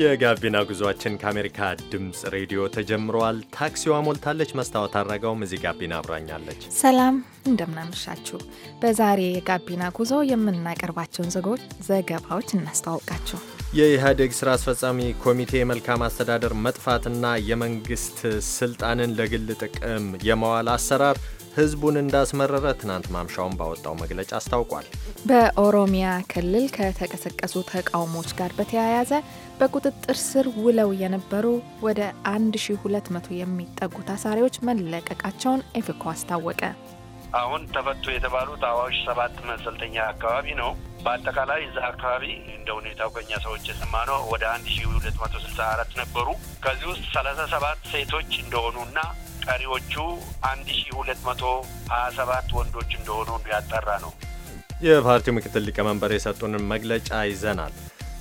የጋቢና ጉዟችን ከአሜሪካ ድምፅ ሬዲዮ ተጀምረዋል። ታክሲዋ ሞልታለች። መስታወት አድረገውም እዚህ ጋቢና አብራኛለች። ሰላም እንደምናመሻችሁ። በዛሬ የጋቢና ጉዞ የምናቀርባቸውን ዘገባዎች እናስተዋውቃችሁ። የኢህአዴግ ስራ አስፈጻሚ ኮሚቴ የመልካም አስተዳደር መጥፋትና የመንግስት ስልጣንን ለግል ጥቅም የመዋል አሰራር ህዝቡን እንዳስመረረ ትናንት ማምሻውን ባወጣው መግለጫ አስታውቋል። በኦሮሚያ ክልል ከተቀሰቀሱ ተቃውሞዎች ጋር በተያያዘ በቁጥጥር ስር ውለው የነበሩ ወደ 1200 የሚጠጉ ታሳሪዎች መለቀቃቸውን ኤፍኮ አስታወቀ። አሁን ተፈቱ የተባሉት አዋሽ ሰባት መሰልጠኛ አካባቢ ነው። በአጠቃላይ እዛ አካባቢ እንደ ሁኔታው ከኛ ሰዎች የሰማ ነው ወደ 1264 ነበሩ። ከዚህ ውስጥ ሰባት ሴቶች እንደሆኑና ቀሪዎቹ አንድ ሺ ሁለት መቶ ሀያ ሰባት ወንዶች እንደሆኑ ያጠራ ነው። የፓርቲው ምክትል ሊቀመንበር የሰጡንን መግለጫ ይዘናል።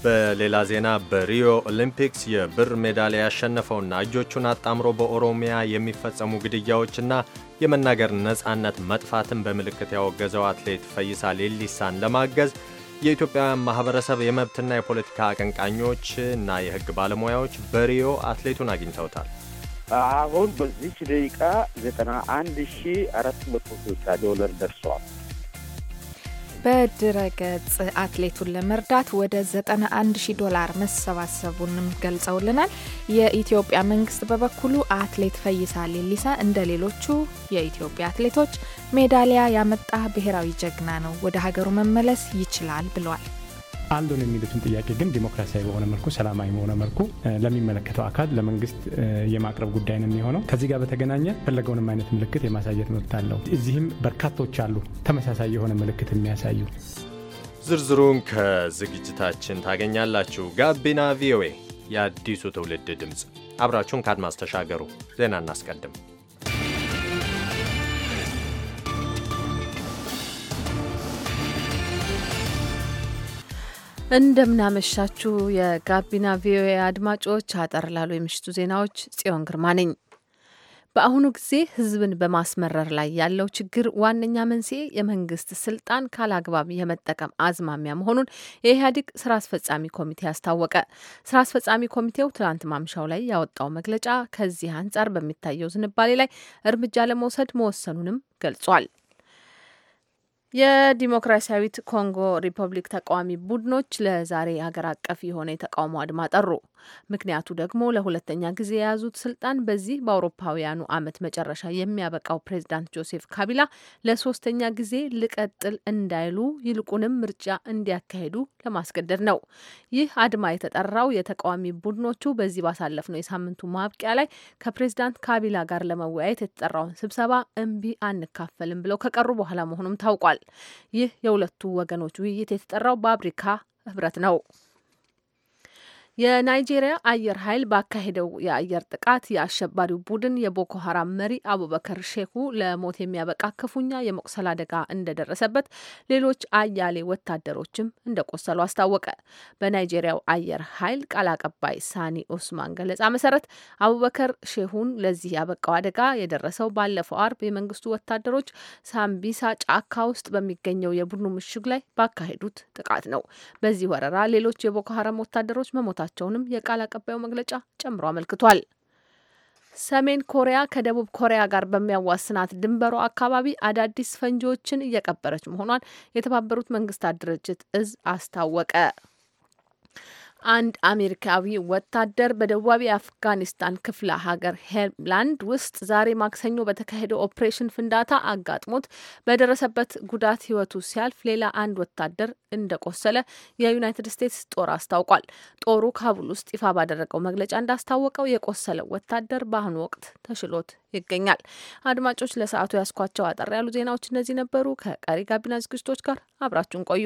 በሌላ ዜና በሪዮ ኦሊምፒክስ የብር ሜዳሊያ ያሸነፈውና እጆቹን አጣምሮ በኦሮሚያ የሚፈጸሙ ግድያዎችና የመናገር ነጻነት መጥፋትን በምልክት ያወገዘው አትሌት ፈይሳ ሌሊሳን ለማገዝ የኢትዮጵያውያን ማህበረሰብ የመብትና የፖለቲካ አቀንቃኞች እና የሕግ ባለሙያዎች በሪዮ አትሌቱን አግኝተውታል። አሁን በዚች ደቂቃ ዘጠና አንድ ሺ አራት መቶ ስልሳ ዶላር ደርሷል። በድረገጽ አትሌቱን ለመርዳት ወደ 91 ሺህ ዶላር መሰባሰቡንም ገልጸውልናል። የኢትዮጵያ መንግስት በበኩሉ አትሌት ፈይሳ ሌሊሳ እንደ ሌሎቹ የኢትዮጵያ አትሌቶች ሜዳሊያ ያመጣ ብሔራዊ ጀግና ነው፣ ወደ ሀገሩ መመለስ ይችላል ብሏል። ነው የሚሉትን ጥያቄ ግን ዲሞክራሲያዊ በሆነ መልኩ ሰላማዊ በሆነ መልኩ ለሚመለከተው አካል ለመንግስት የማቅረብ ጉዳይ ነው የሚሆነው። ከዚህ ጋር በተገናኘ ፈለገውንም አይነት ምልክት የማሳየት መብት አለው። እዚህም በርካቶች አሉ ተመሳሳይ የሆነ ምልክት የሚያሳዩ። ዝርዝሩን ከዝግጅታችን ታገኛላችሁ። ጋቢና ቪኦኤ የአዲሱ ትውልድ ድምፅ፣ አብራችሁን ከአድማስ ተሻገሩ። ዜና እናስቀድም። እንደምናመሻችሁ የጋቢና ቪኦኤ አድማጮች፣ አጠር ላሉ የምሽቱ ዜናዎች ጽዮን ግርማ ነኝ። በአሁኑ ጊዜ ሕዝብን በማስመረር ላይ ያለው ችግር ዋነኛ መንስኤ የመንግስት ስልጣን ካላግባብ የመጠቀም አዝማሚያ መሆኑን የኢህአዴግ ስራ አስፈጻሚ ኮሚቴ አስታወቀ። ስራ አስፈጻሚ ኮሚቴው ትላንት ማምሻው ላይ ያወጣው መግለጫ ከዚህ አንጻር በሚታየው ዝንባሌ ላይ እርምጃ ለመውሰድ መወሰኑንም ገልጿል። የዲሞክራሲያዊት ኮንጎ ሪፐብሊክ ተቃዋሚ ቡድኖች ለዛሬ ሀገር አቀፍ የሆነ የተቃውሞ አድማ ጠሩ። ምክንያቱ ደግሞ ለሁለተኛ ጊዜ የያዙት ስልጣን በዚህ በአውሮፓውያኑ አመት መጨረሻ የሚያበቃው ፕሬዚዳንት ጆሴፍ ካቢላ ለሶስተኛ ጊዜ ልቀጥል እንዳይሉ ይልቁንም ምርጫ እንዲያካሄዱ ለማስገደድ ነው። ይህ አድማ የተጠራው የተቃዋሚ ቡድኖቹ በዚህ ባሳለፍ ነው የሳምንቱ ማብቂያ ላይ ከፕሬዚዳንት ካቢላ ጋር ለመወያየት የተጠራውን ስብሰባ እምቢ አንካፈልም ብለው ከቀሩ በኋላ መሆኑም ታውቋል። ይህ የሁለቱ ወገኖች ውይይት የተጠራው በአፍሪካ ህብረት ነው። የናይጄሪያ አየር ኃይል ባካሄደው የአየር ጥቃት የአሸባሪው ቡድን የቦኮ ሀራም መሪ አቡበከር ሼኩ ለሞት የሚያበቃ ክፉኛ የመቁሰል አደጋ እንደደረሰበት፣ ሌሎች አያሌ ወታደሮችም እንደቆሰሉ አስታወቀ። በናይጄሪያው አየር ኃይል ቃል አቀባይ ሳኒ ኦስማን ገለጻ መሰረት አቡበከር ሼሁን ለዚህ ያበቃው አደጋ የደረሰው ባለፈው አርብ የመንግስቱ ወታደሮች ሳምቢሳ ጫካ ውስጥ በሚገኘው የቡድኑ ምሽግ ላይ ባካሄዱት ጥቃት ነው። በዚህ ወረራ ሌሎች የቦኮ ሀራም ወታደሮች መሞታ መቀጠላቸውንም የቃል አቀባዩ መግለጫ ጨምሮ አመልክቷል። ሰሜን ኮሪያ ከደቡብ ኮሪያ ጋር በሚያዋስናት ድንበሯ አካባቢ አዳዲስ ፈንጂዎችን እየቀበረች መሆኗን የተባበሩት መንግስታት ድርጅት እዝ አስታወቀ። አንድ አሜሪካዊ ወታደር በደቡባዊ አፍጋኒስታን ክፍለ ሀገር ሄምላንድ ውስጥ ዛሬ ማክሰኞ በተካሄደው ኦፕሬሽን ፍንዳታ አጋጥሞት በደረሰበት ጉዳት ሕይወቱ ሲያልፍ ሌላ አንድ ወታደር እንደቆሰለ የዩናይትድ ስቴትስ ጦር አስታውቋል። ጦሩ ካቡል ውስጥ ይፋ ባደረገው መግለጫ እንዳስታወቀው የቆሰለው ወታደር በአሁኑ ወቅት ተሽሎት ይገኛል። አድማጮች፣ ለሰዓቱ ያስኳቸው አጠር ያሉ ዜናዎች እነዚህ ነበሩ። ከቀሪ ጋቢና ዝግጅቶች ጋር አብራችሁን ቆዩ።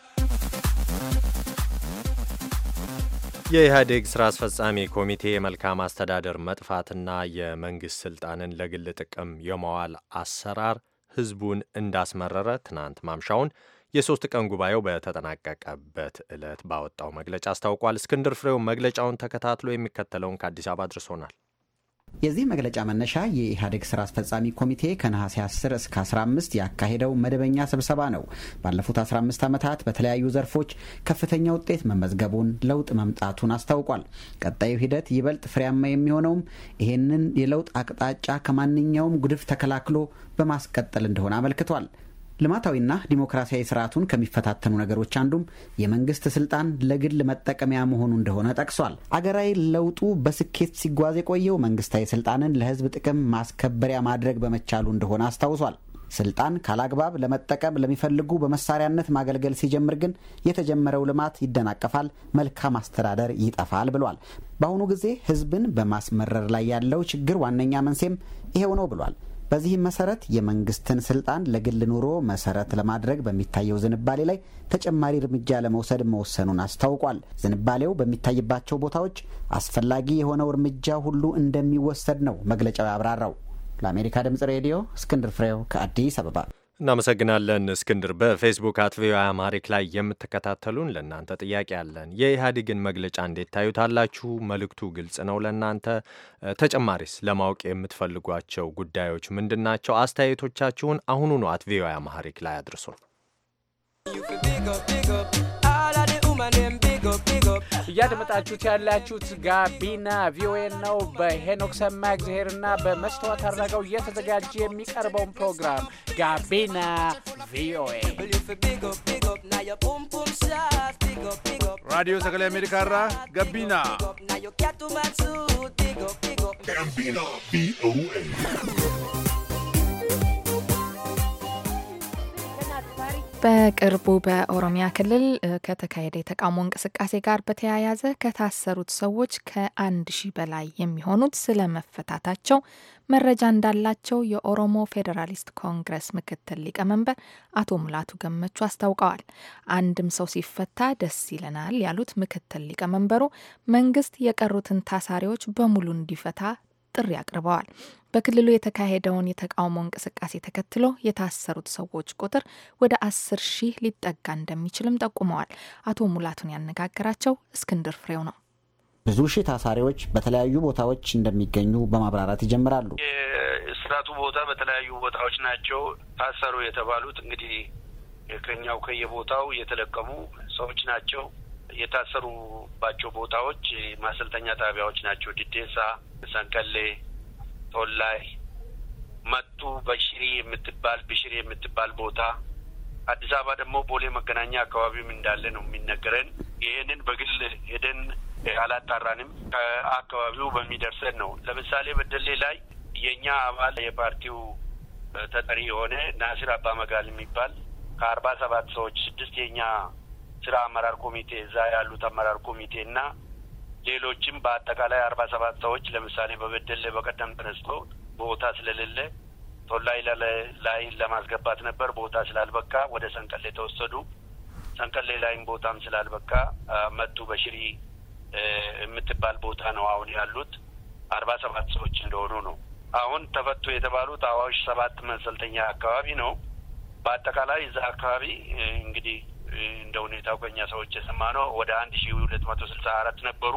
የኢህአዴግ ስራ አስፈጻሚ ኮሚቴ የመልካም አስተዳደር መጥፋትና የመንግሥት ሥልጣንን ለግል ጥቅም የመዋል አሰራር ሕዝቡን እንዳስመረረ ትናንት ማምሻውን የሦስት ቀን ጉባኤው በተጠናቀቀበት ዕለት ባወጣው መግለጫ አስታውቋል። እስክንድር ፍሬው መግለጫውን ተከታትሎ የሚከተለውን ከአዲስ አበባ አድርሶናል። የዚህ መግለጫ መነሻ የኢህአዴግ ስራ አስፈጻሚ ኮሚቴ ከነሐሴ 10 እስከ 15 ያካሄደው መደበኛ ስብሰባ ነው። ባለፉት 15 ዓመታት በተለያዩ ዘርፎች ከፍተኛ ውጤት መመዝገቡን፣ ለውጥ መምጣቱን አስታውቋል። ቀጣዩ ሂደት ይበልጥ ፍሬያማ የሚሆነውም ይህንን የለውጥ አቅጣጫ ከማንኛውም ጉድፍ ተከላክሎ በማስቀጠል እንደሆነ አመልክቷል። ልማታዊና ዲሞክራሲያዊ ስርዓቱን ከሚፈታተኑ ነገሮች አንዱም የመንግስት ስልጣን ለግል መጠቀሚያ መሆኑ እንደሆነ ጠቅሷል። አገራዊ ለውጡ በስኬት ሲጓዝ የቆየው መንግስታዊ ስልጣንን ለህዝብ ጥቅም ማስከበሪያ ማድረግ በመቻሉ እንደሆነ አስታውሷል። ስልጣን ካላግባብ ለመጠቀም ለሚፈልጉ በመሳሪያነት ማገልገል ሲጀምር ግን የተጀመረው ልማት ይደናቀፋል፣ መልካም አስተዳደር ይጠፋል ብሏል። በአሁኑ ጊዜ ህዝብን በማስመረር ላይ ያለው ችግር ዋነኛ መንስኤም ይሄው ነው ብሏል። በዚህም መሰረት የመንግስትን ስልጣን ለግል ኑሮ መሰረት ለማድረግ በሚታየው ዝንባሌ ላይ ተጨማሪ እርምጃ ለመውሰድ መወሰኑን አስታውቋል። ዝንባሌው በሚታይባቸው ቦታዎች አስፈላጊ የሆነው እርምጃ ሁሉ እንደሚወሰድ ነው መግለጫው ያብራራው። ለአሜሪካ ድምጽ ሬዲዮ እስክንድር ፍሬው ከአዲስ አበባ እናመሰግናለን እስክንድር። በፌስቡክ አት ቪኦኤ አማሪክ ላይ የምትከታተሉን ለእናንተ ጥያቄ አለን። የኢህአዴግን መግለጫ እንዴት ታዩታላችሁ? መልእክቱ ግልጽ ነው ለእናንተ። ተጨማሪስ ለማወቅ የምትፈልጓቸው ጉዳዮች ምንድን ናቸው? አስተያየቶቻችሁን አሁኑኑ አት ቪኦኤ አማሪክ ላይ አድርሶ እያደመጣችሁት ያላችሁት ጋቢና ቪኦኤ ነው። በሄኖክ ሰማ እግዚአብሔርና በመስተዋት አድረገው እየተዘጋጀ የሚቀርበውን ፕሮግራም ጋቢና ቪኦኤ ራዲዮ አሜሪካ ራ ጋቢና ጋቢና ቪኦኤ በቅርቡ በኦሮሚያ ክልል ከተካሄደ የተቃውሞ እንቅስቃሴ ጋር በተያያዘ ከታሰሩት ሰዎች ከአንድ ሺህ በላይ የሚሆኑት ስለ መፈታታቸው መረጃ እንዳላቸው የኦሮሞ ፌዴራሊስት ኮንግረስ ምክትል ሊቀመንበር አቶ ሙላቱ ገመቹ አስታውቀዋል። አንድም ሰው ሲፈታ ደስ ይለናል ያሉት ምክትል ሊቀመንበሩ መንግስት የቀሩትን ታሳሪዎች በሙሉ እንዲፈታ ጥሪ አቅርበዋል። በክልሉ የተካሄደውን የተቃውሞ እንቅስቃሴ ተከትሎ የታሰሩት ሰዎች ቁጥር ወደ አስር ሺህ ሊጠጋ እንደሚችልም ጠቁመዋል። አቶ ሙላቱን ያነጋገራቸው እስክንድር ፍሬው ነው። ብዙ ሺህ ታሳሪዎች በተለያዩ ቦታዎች እንደሚገኙ በማብራራት ይጀምራሉ። የእስራቱ ቦታ በተለያዩ ቦታዎች ናቸው። ታሰሩ የተባሉት እንግዲህ ከኛው ከየቦታው የተለቀሙ ሰዎች ናቸው። የታሰሩባቸው ቦታዎች ማሰልጠኛ ጣቢያዎች ናቸው። ድዴሳ፣ ሰንቀሌ፣ ጦላይ፣ መቱ፣ በሽሪ የምትባል ብሽሪ የምትባል ቦታ አዲስ አበባ ደግሞ ቦሌ መገናኛ አካባቢም እንዳለ ነው የሚነገረን። ይህንን በግል ሄደን አላጣራንም። ከአካባቢው በሚደርሰን ነው። ለምሳሌ በደሌ ላይ የእኛ አባል የፓርቲው ተጠሪ የሆነ ናሲር አባ መጋል የሚባል ከአርባ ሰባት ሰዎች ስድስት የእኛ ስራ አመራር ኮሚቴ እዛ ያሉት አመራር ኮሚቴ እና ሌሎችም በአጠቃላይ አርባ ሰባት ሰዎች ለምሳሌ በበደለ በቀደም ተነስቶ ቦታ ስለሌለ ቶላይ ላይ ለማስገባት ነበር ቦታ ስላልበቃ ወደ ሰንቀሌ ተወሰዱ። ሰንቀሌ ላይም ቦታም ስላልበቃ መቱ በሽሪ የምትባል ቦታ ነው አሁን ያሉት አርባ ሰባት ሰዎች እንደሆኑ ነው። አሁን ተፈቶ የተባሉት አዋሽ ሰባት መሰልጠኛ አካባቢ ነው። በአጠቃላይ እዛ አካባቢ እንግዲህ እንደ ሁኔታው ከኛ ሰዎች የሰማነው ወደ አንድ ሺ ሁለት መቶ ስልሳ አራት ነበሩ።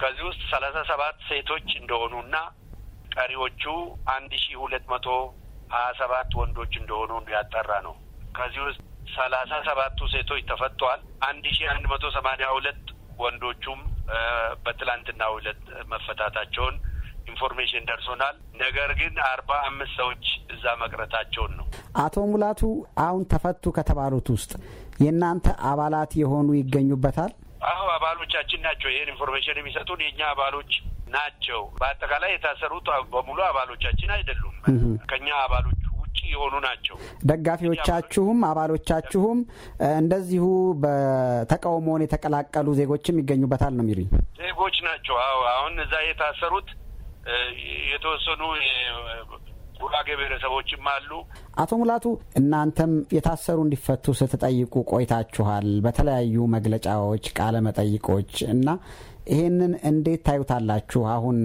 ከዚህ ውስጥ ሰላሳ ሰባት ሴቶች እንደሆኑ እንደሆኑና ቀሪዎቹ አንድ ሺ ሁለት መቶ ሀያ ሰባት ወንዶች እንደሆኑ ያጠራ ነው። ከዚህ ውስጥ ሰላሳ ሰባቱ ሴቶች ተፈቷል። አንድ ሺ አንድ መቶ ሰማኒያ ሁለት ወንዶቹም በትላንትና ሁለት መፈታታቸውን ኢንፎርሜሽን ደርሶናል። ነገር ግን አርባ አምስት ሰዎች እዛ መቅረታቸውን ነው። አቶ ሙላቱ አሁን ተፈቱ ከተባሉት ውስጥ የእናንተ አባላት የሆኑ ይገኙበታል? አሁ አባሎቻችን ናቸው። ይህን ኢንፎርሜሽን የሚሰጡን የእኛ አባሎች ናቸው። በአጠቃላይ የታሰሩት በሙሉ አባሎቻችን አይደሉም። ከእኛ አባሎች ውጭ የሆኑ ናቸው። ደጋፊዎቻችሁም አባሎቻችሁም እንደዚሁ በተቃውሞውን የተቀላቀሉ ዜጎችም ይገኙበታል ነው የሚሉኝ? ዜጎች ናቸው። አዎ አሁን እዛ የታሰሩት የተወሰኑ ጉራጌ ብሔረሰቦችም አሉ። አቶ ሙላቱ እናንተም የታሰሩ እንዲፈቱ ስትጠይቁ ቆይታችኋል በተለያዩ መግለጫዎች፣ ቃለ መጠይቆች እና ይህንን እንዴት ታዩታላችሁ? አሁን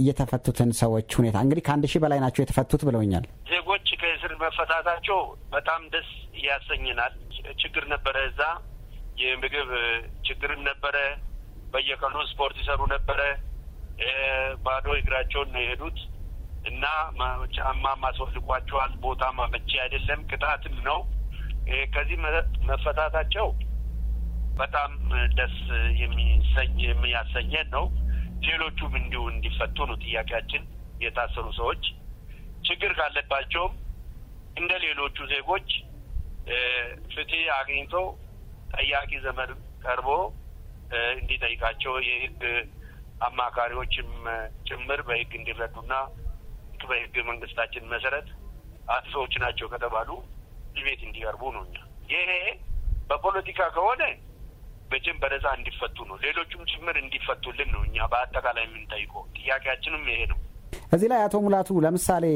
እየተፈቱትን ሰዎች ሁኔታ እንግዲህ ከአንድ ሺህ በላይ ናቸው የተፈቱት ብለውኛል። ዜጎች ከእስር መፈታታቸው በጣም ደስ ያሰኝናል። ችግር ነበረ፣ እዛ የምግብ ችግርም ነበረ። በየቀኑ ስፖርት ይሰሩ ነበረ። ባዶ እግራቸውን ነው የሄዱት። እና ጫማ ማስወልቋቸዋል። ቦታ ማመቼ አይደለም፣ ቅጣትም ነው። ከዚህ መፈታታቸው በጣም ደስ የሚሰኝ የሚያሰኘን ነው። ሌሎቹም እንዲሁ እንዲፈቱ ነው ጥያቄያችን። የታሰሩ ሰዎች ችግር ካለባቸውም እንደ ሌሎቹ ዜጎች ፍትህ አግኝቶ ጠያቂ ዘመድ ቀርቦ እንዲጠይቃቸው የህግ አማካሪዎችም ጭምር በህግ እንዲረዱና ልክ በህገ መንግስታችን መሰረት አጥፊዎች ናቸው ከተባሉ ቤት እንዲቀርቡ ነው። እኛ ይሄ በፖለቲካ ከሆነ መቼም በነጻ እንዲፈቱ ነው፣ ሌሎቹም ጭምር እንዲፈቱልን ነው። እኛ በአጠቃላይ የምንጠይቀው ጥያቄያችንም ይሄ ነው። እዚህ ላይ አቶ ሙላቱ ለምሳሌ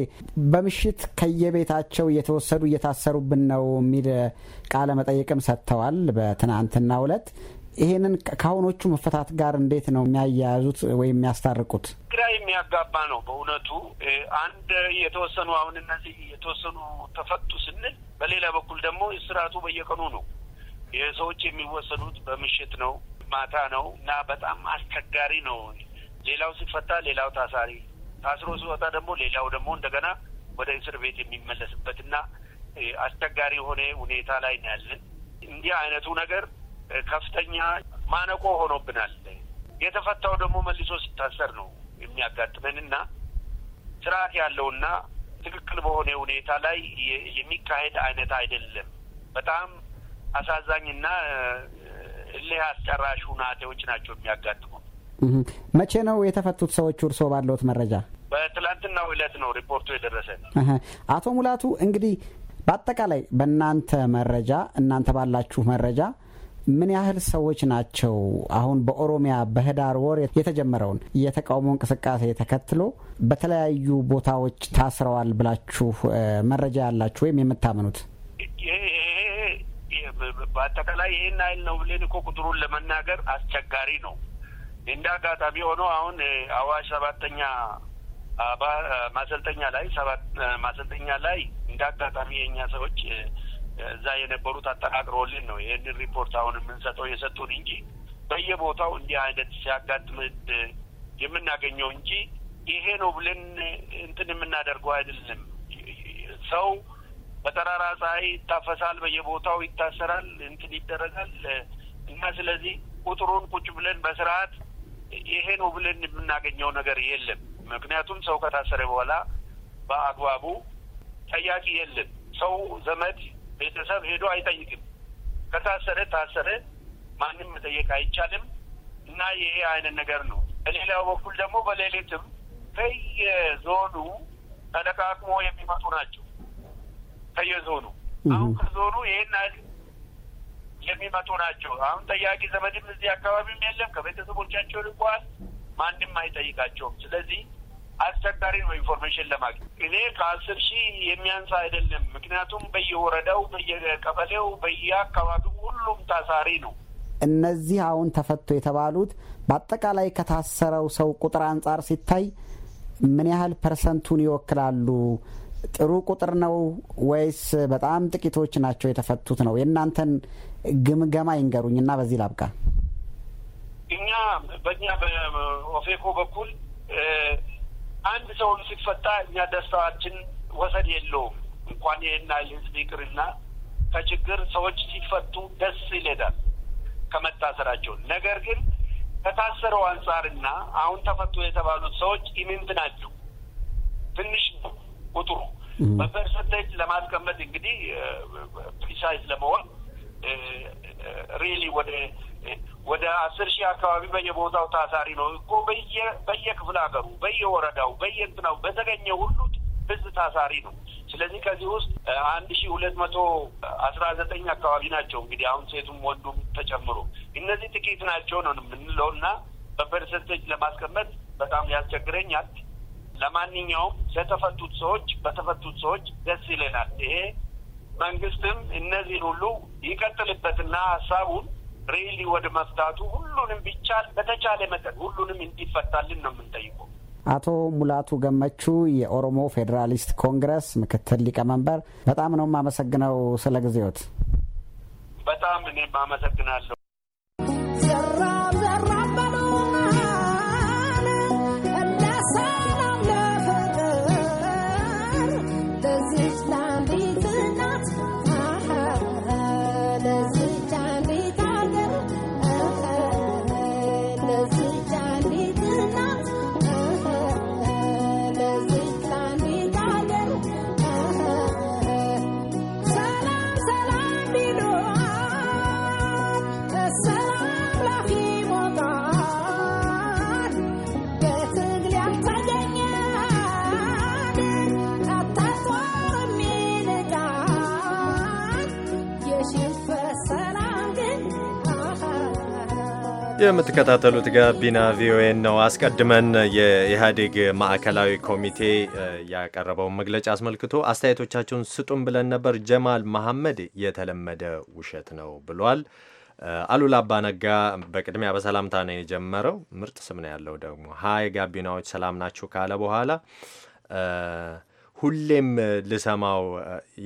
በምሽት ከየቤታቸው እየተወሰዱ እየታሰሩብን ነው የሚል ቃለ መጠይቅም ሰጥተዋል። በትናንትናው ዕለት ይሄንን ከአሁኖቹ መፈታት ጋር እንዴት ነው የሚያያያዙት ወይም የሚያስታርቁት? ግራ የሚያጋባ ነው በእውነቱ። አንድ የተወሰኑ አሁን እነዚህ የተወሰኑ ተፈቱ ስንል፣ በሌላ በኩል ደግሞ ስርዓቱ በየቀኑ ነው። ሰዎች የሚወሰኑት በምሽት ነው፣ ማታ ነው እና በጣም አስቸጋሪ ነው። ሌላው ሲፈታ ሌላው ታሳሪ ታስሮ ሲወጣ ደግሞ ሌላው ደግሞ እንደገና ወደ እስር ቤት የሚመለስበትና አስቸጋሪ የሆነ ሁኔታ ላይ ነው ያለን። እንዲህ አይነቱ ነገር ከፍተኛ ማነቆ ሆኖብናል። የተፈታው ደግሞ መልሶ ሲታሰር ነው የሚያጋጥመን እና ስርዓት ያለውና ትክክል በሆነ ሁኔታ ላይ የሚካሄድ አይነት አይደለም። በጣም አሳዛኝና እልህ አስጨራሽ ሁናቴዎች ናቸው የሚያጋጥሙ። መቼ ነው የተፈቱት ሰዎች እርስዎ ባለዎት መረጃ? በትላንትናው ዕለት ነው ሪፖርቱ የደረሰን። አቶ ሙላቱ እንግዲህ በአጠቃላይ በእናንተ መረጃ እናንተ ባላችሁ መረጃ ምን ያህል ሰዎች ናቸው አሁን በኦሮሚያ በህዳር ወር የተጀመረውን የተቃውሞ እንቅስቃሴ ተከትሎ በተለያዩ ቦታዎች ታስረዋል ብላችሁ መረጃ ያላችሁ ወይም የምታምኑት? በአጠቃላይ ይህን ያህል ነው ብለን እኮ ቁጥሩን ለመናገር አስቸጋሪ ነው። እንደ አጋጣሚ ሆኖ አሁን አዋሽ ሰባተኛ ማሰልጠኛ ላይ ሰባት ማሰልጠኛ ላይ እንደ አጋጣሚ የእኛ ሰዎች እዛ የነበሩት አጠናቅሮልን ነው ይህንን ሪፖርት አሁን የምንሰጠው የሰጡን እንጂ በየቦታው እንዲህ አይነት ሲያጋጥምን የምናገኘው እንጂ ይሄ ነው ብለን እንትን የምናደርገው አይደለም። ሰው በጠራራ ፀሐይ ይታፈሳል፣ በየቦታው ይታሰራል፣ እንትን ይደረጋል እና ስለዚህ ቁጥሩን ቁጭ ብለን በስርዓት ይሄ ነው ብለን የምናገኘው ነገር የለም። ምክንያቱም ሰው ከታሰረ በኋላ በአግባቡ ጠያቂ የለም። ሰው ዘመድ ቤተሰብ ሄዶ አይጠይቅም። ከታሰረ ታሰረ፣ ማንም መጠየቅ አይቻልም እና ይሄ አይነት ነገር ነው። በሌላው በኩል ደግሞ በሌሊትም ከየዞኑ ተለቃቅሞ የሚመጡ ናቸው። ከየዞኑ አሁን ከዞኑ ይህን አይል የሚመጡ ናቸው። አሁን ጠያቂ ዘመድም እዚህ አካባቢም የለም። ከቤተሰቦቻቸው ልቋል። ማንም አይጠይቃቸውም። ስለዚህ አስቸጋሪ ነው ኢንፎርሜሽን ለማግኘት። እኔ ከአስር ሺህ የሚያንሳ አይደለም። ምክንያቱም በየወረዳው፣ በየቀበሌው፣ በየአካባቢው ሁሉም ታሳሪ ነው። እነዚህ አሁን ተፈቶ የተባሉት በአጠቃላይ ከታሰረው ሰው ቁጥር አንጻር ሲታይ ምን ያህል ፐርሰንቱን ይወክላሉ? ጥሩ ቁጥር ነው ወይስ በጣም ጥቂቶች ናቸው የተፈቱት? ነው የእናንተን ግምገማ ይንገሩኝ እና በዚህ ላብቃ። እኛ በእኛ በኦፌኮ በኩል አንድ ሰው ሲፈታ እኛ ደስታችን ወሰን የለውም። እንኳን ይህና ህዝብ ይቅርና ከችግር ሰዎች ሲፈቱ ደስ ይለናል ከመታሰራቸው። ነገር ግን ከታሰረው አንጻርና አሁን ተፈቶ የተባሉት ሰዎች ኢምንት ናቸው። ትንሽ ቁጥሩ በፐርሰንቴጅ ለማስቀመጥ እንግዲህ ፕሪሳይዝ ለመሆን ሪሊ ወደ ወደ አስር ሺህ አካባቢ በየቦታው ታሳሪ ነው እኮ በየ በየክፍለ ሀገሩ በየወረዳው በየእንትናው በተገኘ ሁሉ ህዝብ ታሳሪ ነው። ስለዚህ ከዚህ ውስጥ አንድ ሺህ ሁለት መቶ አስራ ዘጠኝ አካባቢ ናቸው እንግዲህ አሁን ሴቱም ወንዱም ተጨምሮ እነዚህ ጥቂት ናቸው ነው የምንለው እና በፐርሰንቴጅ ለማስቀመጥ በጣም ያስቸግረኛል። ለማንኛውም ለተፈቱት ሰዎች በተፈቱት ሰዎች ደስ ይለናል። ይሄ መንግስትም እነዚህን ሁሉ ይቀጥልበትና ሀሳቡን ሬሊ ወደ መፍታቱ ሁሉንም ቢቻል በተቻለ መጠን ሁሉንም እንዲፈታልን ነው የምንጠይቀው። አቶ ሙላቱ ገመቹ የኦሮሞ ፌዴራሊስት ኮንግረስ ምክትል ሊቀመንበር፣ በጣም ነው የማመሰግነው ስለ ጊዜዎት። በጣም እኔም አመሰግናለሁ። የምትከታተሉት ጋቢና ቪኦኤ ነው። አስቀድመን የኢህአዴግ ማዕከላዊ ኮሚቴ ያቀረበውን መግለጫ አስመልክቶ አስተያየቶቻችሁን ስጡን ብለን ነበር። ጀማል መሐመድ የተለመደ ውሸት ነው ብሏል። አሉላ አባነጋ በቅድሚያ በሰላምታ ነው የጀመረው። ምርጥ ስም ነው ያለው ደግሞ ሀይ ጋቢናዎች ሰላም ናችሁ ካለ በኋላ ሁሌም ልሰማው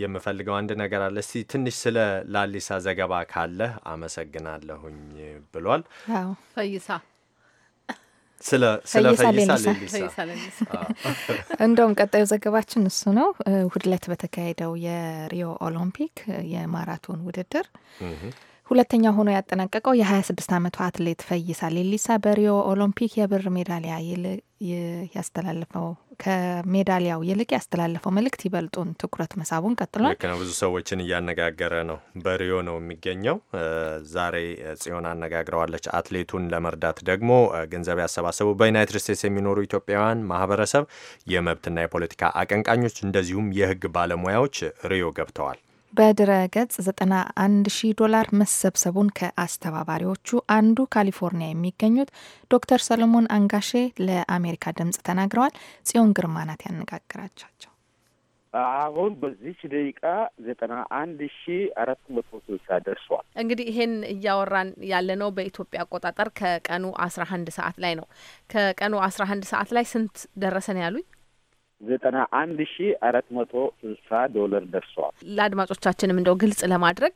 የምፈልገው አንድ ነገር አለ። እስቲ ትንሽ ስለ ላሊሳ ዘገባ ካለ አመሰግናለሁኝ ብሏል ፈይሳ ስለ ፈይሳ ሌሊሳ እንደውም ቀጣዩ ዘገባችን እሱ ነው። እሁድ ዕለት በተካሄደው የሪዮ ኦሎምፒክ የማራቶን ውድድር ሁለተኛ ሆኖ ያጠናቀቀው የ26 ዓመቱ አትሌት ፈይሳ ሌሊሳ በሪዮ ኦሎምፒክ የብር ሜዳሊያ ያስተላለፈው ከሜዳሊያው ይልቅ ያስተላለፈው መልእክት ይበልጡን ትኩረት መሳቡን ቀጥሏል። ልክ ነው። ብዙ ሰዎችን እያነጋገረ ነው። በሪዮ ነው የሚገኘው። ዛሬ ጽዮን አነጋግረዋለች። አትሌቱን ለመርዳት ደግሞ ገንዘብ ያሰባሰቡ በዩናይትድ ስቴትስ የሚኖሩ ኢትዮጵያውያን ማህበረሰብ፣ የመብትና የፖለቲካ አቀንቃኞች እንደዚሁም የህግ ባለሙያዎች ሪዮ ገብተዋል። በድረ ገጽ 91 ሺህ ዶላር መሰብሰቡን ከአስተባባሪዎቹ አንዱ ካሊፎርኒያ የሚገኙት ዶክተር ሰለሞን አንጋሼ ለአሜሪካ ድምጽ ተናግረዋል። ጽዮን ግርማ ናት ያነጋግራቻቸው። አሁን በዚች ደቂቃ ዘጠና አንድ ሺ አራት መቶ ስልሳ ደርሷል። እንግዲህ ይሄን እያወራን ያለ ነው በኢትዮጵያ አቆጣጠር ከቀኑ አስራ አንድ ሰዓት ላይ ነው። ከቀኑ አስራ አንድ ሰዓት ላይ ስንት ደረሰን ያሉኝ? ዘጠና አንድ ሺ አራት መቶ ስልሳ ዶላር ደርሰዋል። ለአድማጮቻችንም እንደው ግልጽ ለማድረግ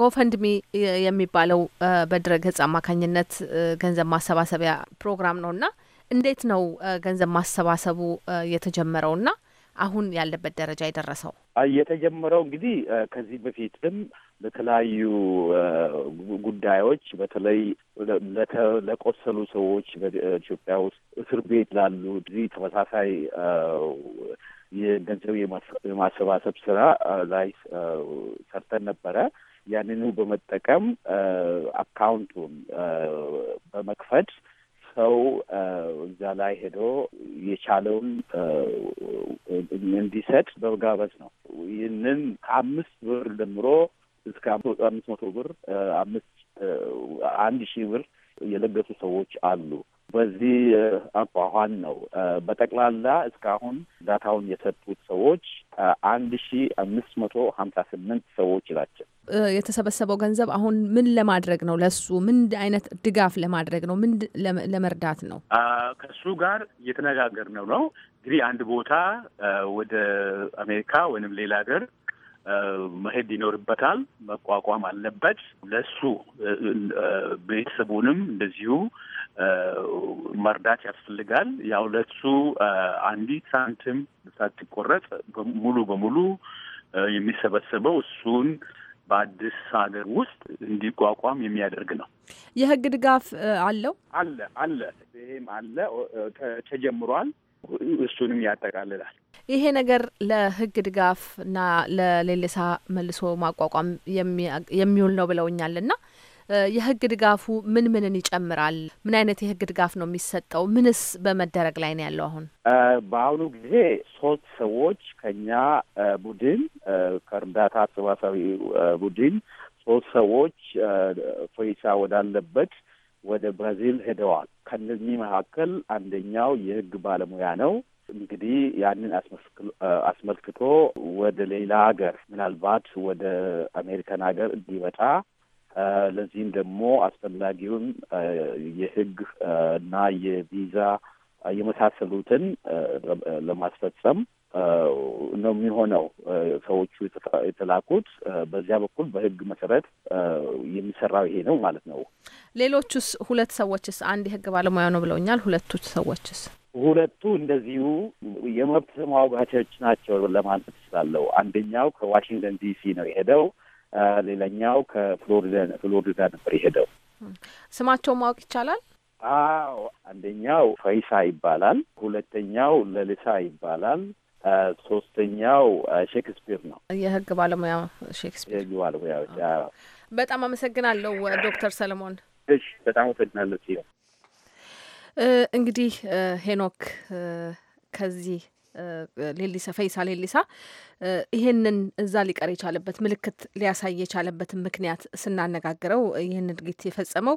ጎፈንድሚ የሚባለው በድረገጽ አማካኝነት ገንዘብ ማሰባሰቢያ ፕሮግራም ነው እና እንዴት ነው ገንዘብ ማሰባሰቡ የተጀመረው እና አሁን ያለበት ደረጃ የደረሰው? የተጀመረው እንግዲህ ከዚህ በፊትም ለተለያዩ ጉዳዮች በተለይ ለቆሰሉ ሰዎች በኢትዮጵያ ውስጥ እስር ቤት ላሉ እዚህ ተመሳሳይ የገንዘብ የማሰባሰብ ስራ ላይ ሰርተን ነበረ። ያንኑ በመጠቀም አካውንቱን በመክፈት ሰው እዛ ላይ ሄዶ የቻለውን እንዲሰጥ በመጋበዝ ነው። ይህንን ከአምስት ብር ጀምሮ እስከ አምስት መቶ ብር አምስት አንድ ሺህ ብር የለገሱ ሰዎች አሉ። በዚህ አኳኋን ነው በጠቅላላ እስካሁን ዳታውን የሰጡት ሰዎች አንድ ሺ አምስት መቶ ሀምሳ ስምንት ሰዎች ናቸው። የተሰበሰበው ገንዘብ አሁን ምን ለማድረግ ነው? ለሱ ምን አይነት ድጋፍ ለማድረግ ነው? ምን ለመርዳት ነው? ከሱ ጋር እየተነጋገር ነው ነው እንግዲህ አንድ ቦታ ወደ አሜሪካ ወይንም ሌላ ሀገር መሄድ ይኖርበታል፣ መቋቋም አለበት። ለሱ ቤተሰቡንም እንደዚሁ መርዳት ያስፈልጋል። ያው ለሱ አንዲት ሳንቲም ሳትቆረጥ ሙሉ በሙሉ የሚሰበሰበው እሱን በአዲስ ሀገር ውስጥ እንዲቋቋም የሚያደርግ ነው። የህግ ድጋፍ አለው አለ አለ ይህም አለ ተጀምሯል። እሱንም ያጠቃልላል። ይሄ ነገር ለህግ ድጋፍ እና ለሌለሳ መልሶ ማቋቋም የሚውል ነው ብለውኛል እና የህግ ድጋፉ ምን ምንን ይጨምራል? ምን አይነት የህግ ድጋፍ ነው የሚሰጠው? ምንስ በመደረግ ላይ ነው ያለው? አሁን በአሁኑ ጊዜ ሶስት ሰዎች ከኛ ቡድን ከእርዳታ አሰባሳቢ ቡድን ሶስት ሰዎች ፈይሳ ወዳለበት ወደ ብራዚል ሄደዋል። ከነዚህ መካከል አንደኛው የህግ ባለሙያ ነው። እንግዲህ ያንን አስመልክቶ ወደ ሌላ ሀገር ምናልባት ወደ አሜሪካን ሀገር እንዲመጣ ለዚህም ደግሞ አስፈላጊውን የህግ እና የቪዛ የመሳሰሉትን ለማስፈጸም ነው የሚሆነው። ሰዎቹ የተላኩት በዚያ በኩል በህግ መሰረት የሚሰራው ይሄ ነው ማለት ነው። ሌሎቹስ ሁለት ሰዎችስ? አንድ የህግ ባለሙያ ነው ብለውኛል። ሁለቱ ሰዎችስ? ሁለቱ እንደዚሁ የመብት ተሟጋቾች ናቸው ለማለት እችላለሁ። አንደኛው ከዋሽንግተን ዲሲ ነው የሄደው። ሌላኛው ከፍሎሪዳ ነበር የሄደው። ስማቸውን ማወቅ ይቻላል? አዎ አንደኛው ፈይሳ ይባላል። ሁለተኛው ለልሳ ይባላል። ሶስተኛው ሼክስፒር ነው። የህግ ባለሙያ ሼክስፒር የህግ በጣም አመሰግናለሁ ዶክተር ሰለሞን። እሺ፣ በጣም አመሰግናለሁ እንግዲህ ሄኖክ ከዚህ ሌሊሳ ፈይሳ ሌሊሳ ይህንን እዛ ሊቀር የቻለበት ምልክት ሊያሳይ የቻለበትን ምክንያት ስናነጋግረው ይህን ድርጊት የፈጸመው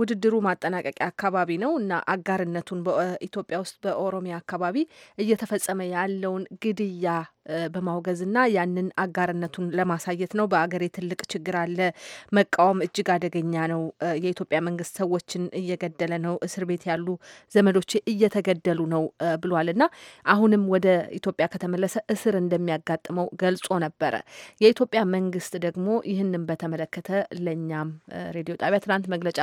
ውድድሩ ማጠናቀቂያ አካባቢ ነው እና አጋርነቱን በኢትዮጵያ ውስጥ በኦሮሚያ አካባቢ እየተፈጸመ ያለውን ግድያ በማውገዝና ያንን አጋርነቱን ለማሳየት ነው። በአገሬ ትልቅ ችግር አለ፣ መቃወም እጅግ አደገኛ ነው። የኢትዮጵያ መንግስት ሰዎችን እየገደለ ነው፣ እስር ቤት ያሉ ዘመዶች እየተገደሉ ነው ብሏል እና አሁንም ወደ ኢትዮጵያ ከተመለሰ እስር እንደሚያ እንደሚያጋጥመው ገልጾ ነበረ። የኢትዮጵያ መንግስት ደግሞ ይህንን በተመለከተ ለእኛም ሬዲዮ ጣቢያ ትናንት መግለጫ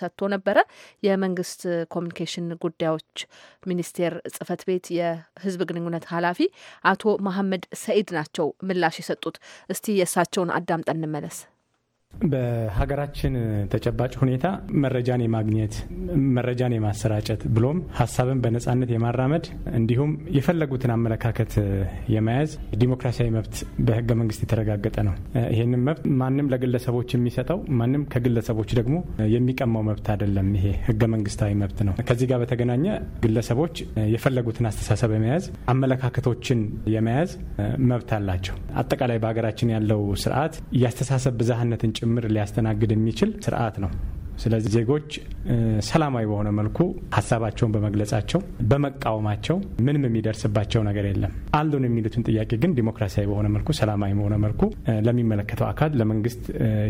ሰጥቶ ነበረ። የመንግስት ኮሚኒኬሽን ጉዳዮች ሚኒስቴር ጽህፈት ቤት የህዝብ ግንኙነት ኃላፊ አቶ መሐመድ ሰኢድ ናቸው ምላሽ የሰጡት። እስቲ የእሳቸውን አዳምጠን እንመለስ። በሀገራችን ተጨባጭ ሁኔታ መረጃን የማግኘት መረጃን የማሰራጨት ብሎም ሀሳብን በነጻነት የማራመድ እንዲሁም የፈለጉትን አመለካከት የመያዝ ዲሞክራሲያዊ መብት በህገ መንግስት የተረጋገጠ ነው። ይህንም መብት ማንም ለግለሰቦች የሚሰጠው ማንም ከግለሰቦች ደግሞ የሚቀማው መብት አይደለም። ይሄ ህገ መንግስታዊ መብት ነው። ከዚህ ጋር በተገናኘ ግለሰቦች የፈለጉትን አስተሳሰብ የመያዝ አመለካከቶችን የመያዝ መብት አላቸው። አጠቃላይ በሀገራችን ያለው ስርዓት የአስተሳሰብ ብዛህነትን ጭምር ሊያስተናግድ የሚችል ስርዓት ነው። ስለዚህ ዜጎች ሰላማዊ በሆነ መልኩ ሀሳባቸውን በመግለጻቸው በመቃወማቸው ምንም የሚደርስባቸው ነገር የለም። አሉን የሚሉትን ጥያቄ ግን ዲሞክራሲያዊ በሆነ መልኩ ሰላማዊ በሆነ መልኩ ለሚመለከተው አካል ለመንግስት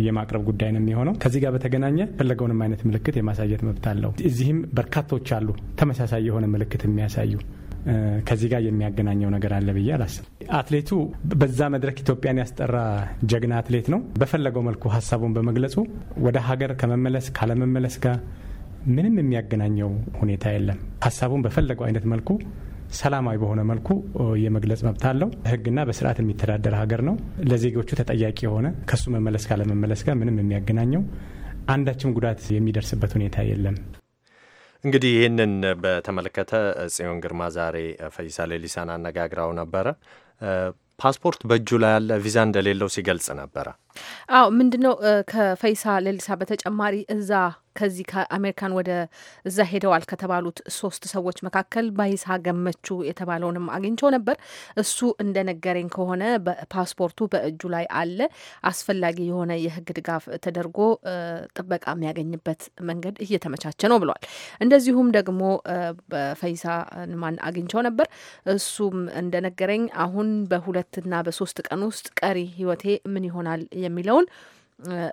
የማቅረብ ጉዳይ ነው የሚሆነው። ከዚህ ጋር በተገናኘ ፈለገውንም አይነት ምልክት የማሳየት መብት አለው። እዚህም በርካቶች አሉ ተመሳሳይ የሆነ ምልክት የሚያሳዩ ከዚህ ጋር የሚያገናኘው ነገር አለ ብዬ አላስብ። አትሌቱ በዛ መድረክ ኢትዮጵያን ያስጠራ ጀግና አትሌት ነው። በፈለገው መልኩ ሀሳቡን በመግለጹ ወደ ሀገር ከመመለስ ካለመመለስ ጋር ምንም የሚያገናኘው ሁኔታ የለም። ሀሳቡን በፈለገው አይነት መልኩ ሰላማዊ በሆነ መልኩ የመግለጽ መብት አለው። ሕግና በስርዓት የሚተዳደር ሀገር ነው። ለዜጎቹ ተጠያቂ የሆነ ከሱ መመለስ ካለመመለስ ጋር ምንም የሚያገናኘው አንዳችም ጉዳት የሚደርስበት ሁኔታ የለም። እንግዲህ ይህንን በተመለከተ ጽዮን ግርማ ዛሬ ፈይሳ ሌሊሳን አነጋግራው ነበረ። ፓስፖርት በእጁ ላይ ያለ ቪዛ እንደሌለው ሲገልጽ ነበረ። አዎ ምንድነው ከፈይሳ ሌሊሳ በተጨማሪ እዛ ከዚህ ከአሜሪካን ወደ እዛ ሄደዋል ከተባሉት ሶስት ሰዎች መካከል ባይሳ ገመቹ የተባለውንም አግኝቸው ነበር። እሱ እንደነገረኝ ከሆነ በፓስፖርቱ በእጁ ላይ አለ። አስፈላጊ የሆነ የሕግ ድጋፍ ተደርጎ ጥበቃ የሚያገኝበት መንገድ እየተመቻቸ ነው ብሏል። እንደዚሁም ደግሞ በፈይሳ ንማን አግኝቸው ነበር። እሱም እንደነገረኝ አሁን በሁለትና በሶስት ቀን ውስጥ ቀሪ ሕይወቴ ምን ይሆናል የሚለውን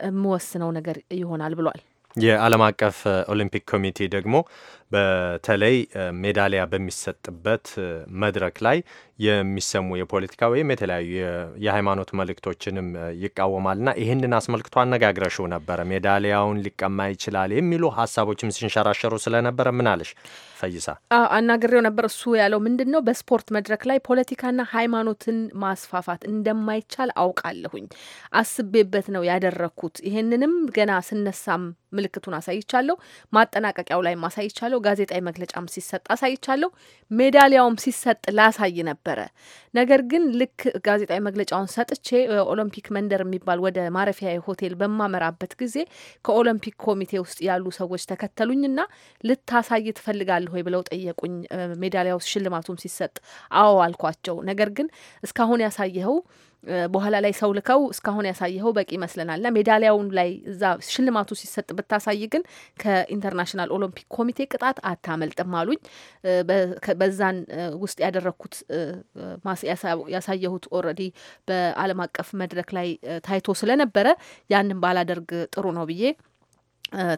የምወስነው ነገር ይሆናል ብሏል። የዓለም አቀፍ ኦሊምፒክ ኮሚቴ ደግሞ በተለይ ሜዳሊያ በሚሰጥበት መድረክ ላይ የሚሰሙ የፖለቲካ ወይም የተለያዩ የሃይማኖት መልእክቶችንም ይቃወማልና ይህንን አስመልክቶ አነጋግረሽው ነበረ። ሜዳሊያውን ሊቀማ ይችላል የሚሉ ሀሳቦችም ሲንሸራሸሩ ስለነበረ ምን አለሽ ፈይሳ? አናግሬው ነበር። እሱ ያለው ምንድን ነው፣ በስፖርት መድረክ ላይ ፖለቲካና ሃይማኖትን ማስፋፋት እንደማይቻል አውቃለሁኝ። አስቤበት ነው ያደረግኩት። ይህንንም ገና ስነሳም ምልክቱን አሳይቻለሁ፣ ማጠናቀቂያው ላይ ማሳይቻለሁ አሳይቻለሁ። ጋዜጣዊ መግለጫም ሲሰጥ አሳይቻለሁ። ሜዳሊያውም ሲሰጥ ላሳይ ነበረ። ነገር ግን ልክ ጋዜጣዊ መግለጫውን ሰጥቼ ኦሎምፒክ መንደር የሚባል ወደ ማረፊያ ሆቴል በማመራበት ጊዜ ከኦሎምፒክ ኮሚቴ ውስጥ ያሉ ሰዎች ተከተሉኝና ልታሳይ ትፈልጋለህ ወይ ብለው ጠየቁኝ። ሜዳሊያው ሽልማቱም ሲሰጥ አዎ አልኳቸው። ነገር ግን እስካሁን ያሳየኸው በኋላ ላይ ሰው ልከው እስካሁን ያሳየኸው በቂ ይመስለናል እና ሜዳሊያውን ላይ እዛ ሽልማቱ ሲሰጥ ብታሳይ ግን ከኢንተርናሽናል ኦሎምፒክ ኮሚቴ ቅጣት አታመልጥም አሉኝ። በዛን ውስጥ ያደረግኩት ያሳየሁት ኦልሬዲ በዓለም አቀፍ መድረክ ላይ ታይቶ ስለነበረ ያንን ባላደርግ ጥሩ ነው ብዬ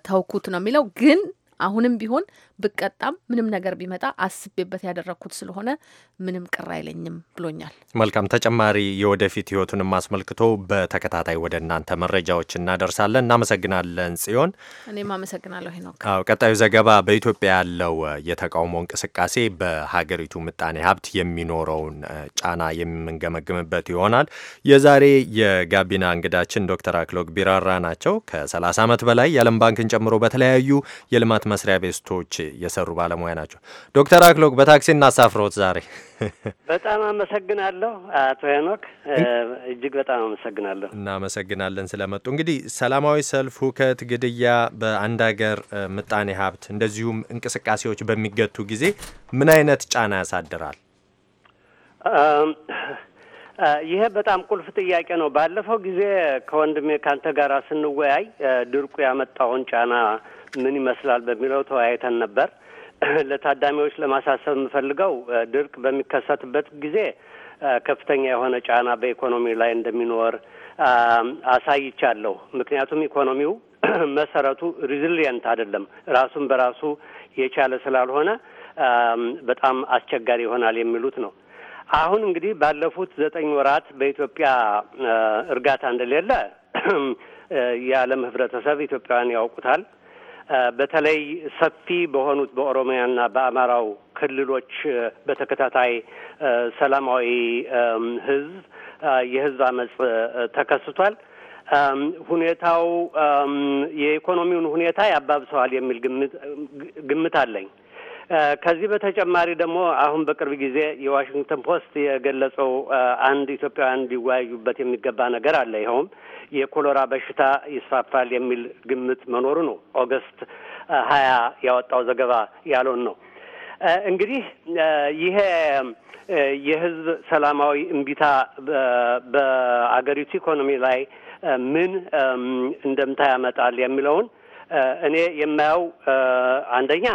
ተውኩት ነው የሚለው ግን አሁንም ቢሆን ብቀጣም ምንም ነገር ቢመጣ አስቤበት ያደረግኩት ስለሆነ ምንም ቅር አይለኝም ብሎኛል። መልካም ተጨማሪ የወደፊት ህይወቱንም አስመልክቶ በተከታታይ ወደ እናንተ መረጃዎች እናደርሳለን። እናመሰግናለን ጽዮን። እኔም አመሰግናለሁ ሄኖክ። ቀጣዩ ዘገባ በኢትዮጵያ ያለው የተቃውሞ እንቅስቃሴ በሀገሪቱ ምጣኔ ሀብት የሚኖረውን ጫና የምንገመግምበት ይሆናል። የዛሬ የጋቢና እንግዳችን ዶክተር አክሎግ ቢራራ ናቸው። ከ30 ዓመት በላይ የዓለም ባንክን ጨምሮ በተለያዩ የልማት መስሪያ ቤቶች የሰሩ ባለሙያ ናቸው። ዶክተር አክሎግ በታክሲ እናሳፍረውት ዛሬ በጣም አመሰግናለሁ አቶ ሄኖክ፣ እጅግ በጣም አመሰግናለሁ። እናመሰግናለን ስለመጡ። እንግዲህ ሰላማዊ ሰልፍ፣ ሁከት፣ ግድያ በአንድ ሀገር ምጣኔ ሀብት እንደዚሁም እንቅስቃሴዎች በሚገቱ ጊዜ ምን አይነት ጫና ያሳድራል? ይሄ በጣም ቁልፍ ጥያቄ ነው። ባለፈው ጊዜ ከወንድሜ ካንተ ጋር ስንወያይ ድርቁ ያመጣውን ጫና ምን ይመስላል በሚለው ተወያይተን ነበር። ለታዳሚዎች ለማሳሰብ የምፈልገው ድርቅ በሚከሰትበት ጊዜ ከፍተኛ የሆነ ጫና በኢኮኖሚ ላይ እንደሚኖር አሳይቻለሁ። ምክንያቱም ኢኮኖሚው መሰረቱ ሪዚሊየንት አይደለም፣ ራሱን በራሱ የቻለ ስላልሆነ በጣም አስቸጋሪ ይሆናል የሚሉት ነው። አሁን እንግዲህ ባለፉት ዘጠኝ ወራት በኢትዮጵያ እርጋታ እንደሌለ የዓለም ሕብረተሰብ ኢትዮጵያውያን ያውቁታል። በተለይ ሰፊ በሆኑት በኦሮሚያና በአማራው ክልሎች በተከታታይ ሰላማዊ ህዝብ የህዝብ አመፅ ተከስቷል። ሁኔታው የኢኮኖሚውን ሁኔታ ያባብሰዋል የሚል ግምት አለኝ። ከዚህ በተጨማሪ ደግሞ አሁን በቅርብ ጊዜ የዋሽንግተን ፖስት የገለጸው አንድ ኢትዮጵያውያን እንዲወያዩበት የሚገባ ነገር አለ። ይኸውም የኮሎራ በሽታ ይስፋፋል የሚል ግምት መኖሩ ነው። ኦገስት ሀያ ያወጣው ዘገባ ያለውን ነው። እንግዲህ ይሄ የህዝብ ሰላማዊ እምቢታ በአገሪቱ ኢኮኖሚ ላይ ምን እንደምታ ያመጣል የሚለውን እኔ የማየው አንደኛ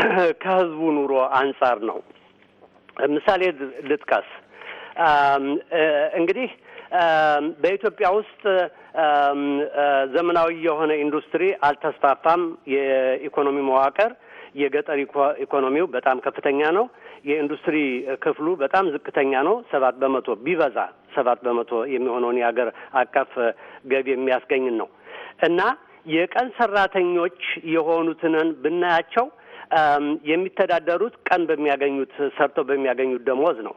ከህዝቡ ኑሮ አንጻር ነው። ምሳሌ ልጥቀስ። እንግዲህ በኢትዮጵያ ውስጥ ዘመናዊ የሆነ ኢንዱስትሪ አልተስፋፋም። የኢኮኖሚ መዋቅር የገጠር ኢኮኖሚው በጣም ከፍተኛ ነው። የኢንዱስትሪ ክፍሉ በጣም ዝቅተኛ ነው። ሰባት በመቶ ቢበዛ ሰባት በመቶ የሚሆነውን የሀገር አቀፍ ገቢ የሚያስገኝን ነው እና የቀን ሰራተኞች የሆኑትንን ብናያቸው የሚተዳደሩት ቀን በሚያገኙት ሰርተው በሚያገኙት ደሞዝ ነው።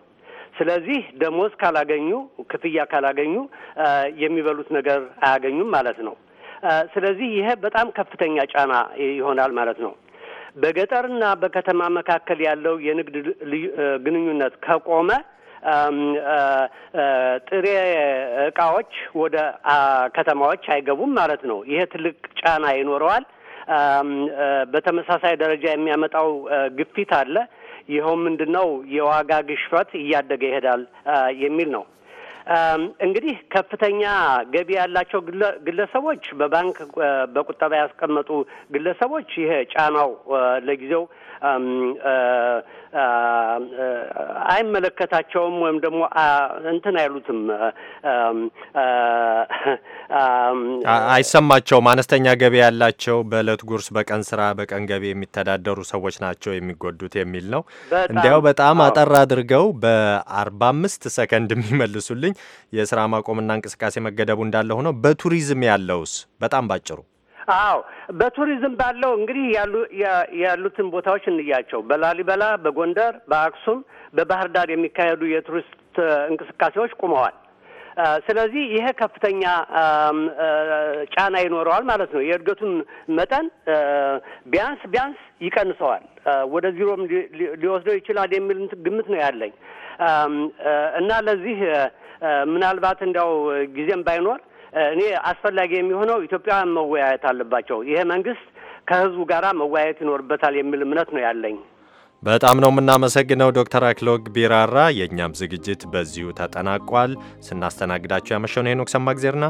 ስለዚህ ደሞዝ ካላገኙ፣ ክፍያ ካላገኙ የሚበሉት ነገር አያገኙም ማለት ነው። ስለዚህ ይሄ በጣም ከፍተኛ ጫና ይሆናል ማለት ነው። በገጠርና በከተማ መካከል ያለው የንግድ ግንኙነት ከቆመ ጥሬ እቃዎች ወደ ከተማዎች አይገቡም ማለት ነው። ይሄ ትልቅ ጫና ይኖረዋል። በተመሳሳይ ደረጃ የሚያመጣው ግፊት አለ። ይኸው ምንድን ነው የዋጋ ግሽበት እያደገ ይሄዳል የሚል ነው። እንግዲህ ከፍተኛ ገቢ ያላቸው ግለሰቦች በባንክ በቁጠባ ያስቀመጡ ግለሰቦች ይሄ ጫናው ለጊዜው አይመለከታቸውም ወይም ደግሞ እንትን አይሉትም፣ አይሰማቸውም። አነስተኛ ገቢ ያላቸው በእለት ጉርስ፣ በቀን ስራ፣ በቀን ገቢ የሚተዳደሩ ሰዎች ናቸው የሚጎዱት የሚል ነው። እንዲያው በጣም አጠር አድርገው በአርባ አምስት ሰከንድ የሚመልሱልኝ የስራ ማቆምና እንቅስቃሴ መገደቡ እንዳለ ሆነው በቱሪዝም ያለውስ በጣም ባጭሩ አዎ በቱሪዝም ባለው እንግዲህ ያሉ ያሉትን ቦታዎች እንያቸው። በላሊበላ፣ በጎንደር፣ በአክሱም፣ በባህር ዳር የሚካሄዱ የቱሪስት እንቅስቃሴዎች ቁመዋል። ስለዚህ ይሄ ከፍተኛ ጫና ይኖረዋል ማለት ነው። የእድገቱን መጠን ቢያንስ ቢያንስ ይቀንሰዋል፣ ወደ ዚሮም ሊወስደው ይችላል የሚል ግምት ነው ያለኝ እና ለዚህ ምናልባት እንዲያው ጊዜም ባይኖር እኔ አስፈላጊ የሚሆነው ኢትዮጵያውያን መወያየት አለባቸው። ይሄ መንግስት ከህዝቡ ጋራ መወያየት ይኖርበታል የሚል እምነት ነው ያለኝ። በጣም ነው የምናመሰግነው ዶክተር አክሎግ ቢራራ። የእኛም ዝግጅት በዚሁ ተጠናቋል። ስናስተናግዳቸው ያመሸውን ሄኖክ ሰማግዜርና